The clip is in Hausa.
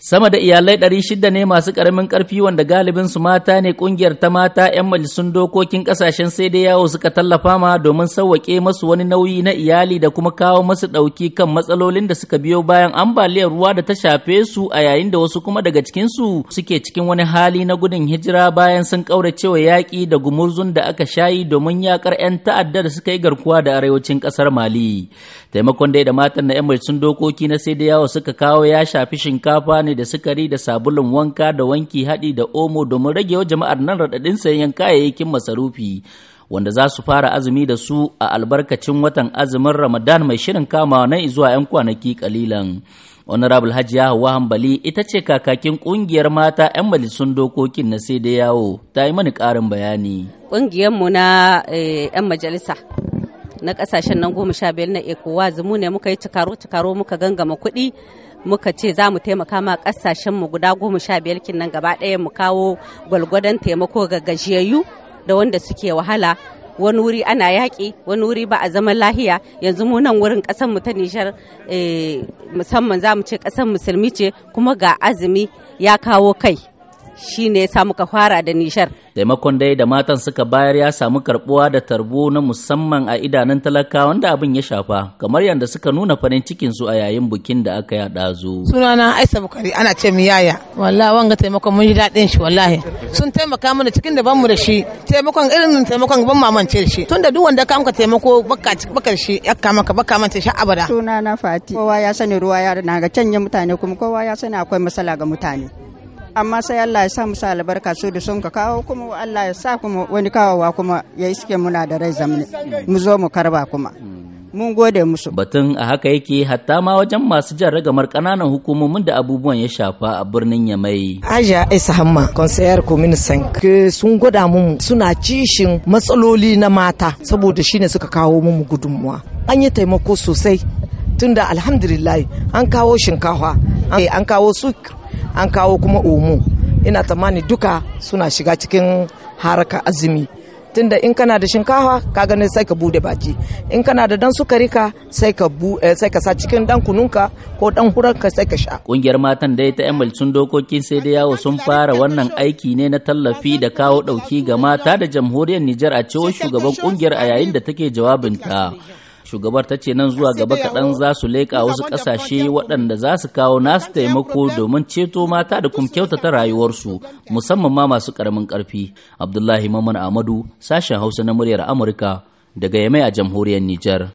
Sama da iyalai ɗari shida ne masu ƙaramin ƙarfi wanda galibin su mata ne ƙungiyar ta mata 'yan majalisun dokokin ƙasashen sai dai yawo suka tallafa ma domin sauwaƙe masu wani nauyi na iyali da kuma kawo masu ɗauki kan matsalolin da suka biyo bayan ambaliyar ruwa da ta shafe su a yayin da wasu kuma daga cikinsu suke cikin wani hali na gudun hijira bayan sun kauracewa yaƙi da gumurzun da aka shayi domin yaƙar 'yan ta'adda da suka yi garkuwa da arewacin ƙasar Mali. Taimakon dai da matan na 'yan majalisun dokoki na sai dai yawo suka kawo ya shafi shinkafa ne da sukari da sabulun wanka da wanki haɗi da omo domin rage wa jama'ar nan raɗaɗin sayan kayayyakin masarufi wanda za su fara azumi da su a albarkacin watan azumin ramadan mai shirin kamawa nan zuwa 'yan kwanaki kalilan honorable hajiya hawa hambali ita ce kakakin kungiyar mata 'yan majalisun dokokin na sai da yawo ta yi mani karin bayani mu na eh, 'yan majalisa na kasashen nan goma sha biyar na ecowas mu ne muka yi cikaro cikaro muka gangama kuɗi muka ce za mu taimaka ma kasashen mu guda goma sha biyar kin nan gaba ɗaya mu kawo gwalgwadon taimako ga gajiyayyu da wanda suke wahala wani wuri ana yaƙi wani wuri ba a zaman lahiya yanzu mu nan wurin ƙasar mu ta Nijar eh, musamman za mu ce ƙasar musulmi ce kuma ga azumi ya kawo kai shi ne ya samu ka fara da nishar. Taimakon dai da matan suka bayar ya samu karbuwa da tarbo na musamman a idanun talaka wanda abin ya shafa kamar yadda suka nuna farin cikin su a yayin bukin da aka yada zu. Sunana Aisha Bukari ana ce mu yaya wallahi wanga taimakon mun ji daɗin shi wallahi sun taimaka mana cikin da banmu da shi taimakon irin taimakon ban mamance shi tun da duk wanda ka muka taimako baka baka shi ya kama ka baka mance shi abada. Sunana Fati kowa ya sani ruwa ya na ga canye mutane kuma kowa ya sani akwai matsala ga mutane. amma sai Allah ya sa musu albarka su da sun ka kawo kuma Allah ya sa kuma wani kawowa kuma ya iske muna da rai zamani mu zo mu karba kuma mun gode musu batun a haka yake hatta ma wajen masu jan ragamar kananan hukumomin da abubuwan ya shafa a birnin Yamai Aja Isa Hamma commune 5. ke sun gwada mu suna cishin matsaloli na mata saboda shine suka kawo mu gudunmuwa an yi taimako sosai tunda alhamdulillah an kawo shinkafa an kawo su an kawo kuma omo ina tsammani duka suna shiga cikin haraka azumi tunda in kana da shinkafa ka gani sai ka bude baki in kana da dan sukari ka sai ka bu eh, sai ka sa cikin dan kununka ko dan huranka sai ka sha kungiyar matan dai ta Emil sun dokokin sai da yawo sun fara wannan aiki ne na tallafi da kawo dauki ga mata da jamhuriyar Nijar a cewar shugaban kungiyar a yayin da take jawabinta shugabar ta ce nan zuwa gaba kaɗan za su leƙa wasu ƙasashe waɗanda za su kawo nasu taimako domin ceto mata da kuma kyautata rayuwarsu musamman ma masu ƙaramin ƙarfi abdullahi maman amadu sashen hausa na muryar amurka daga yamai a jamhuriyar nijar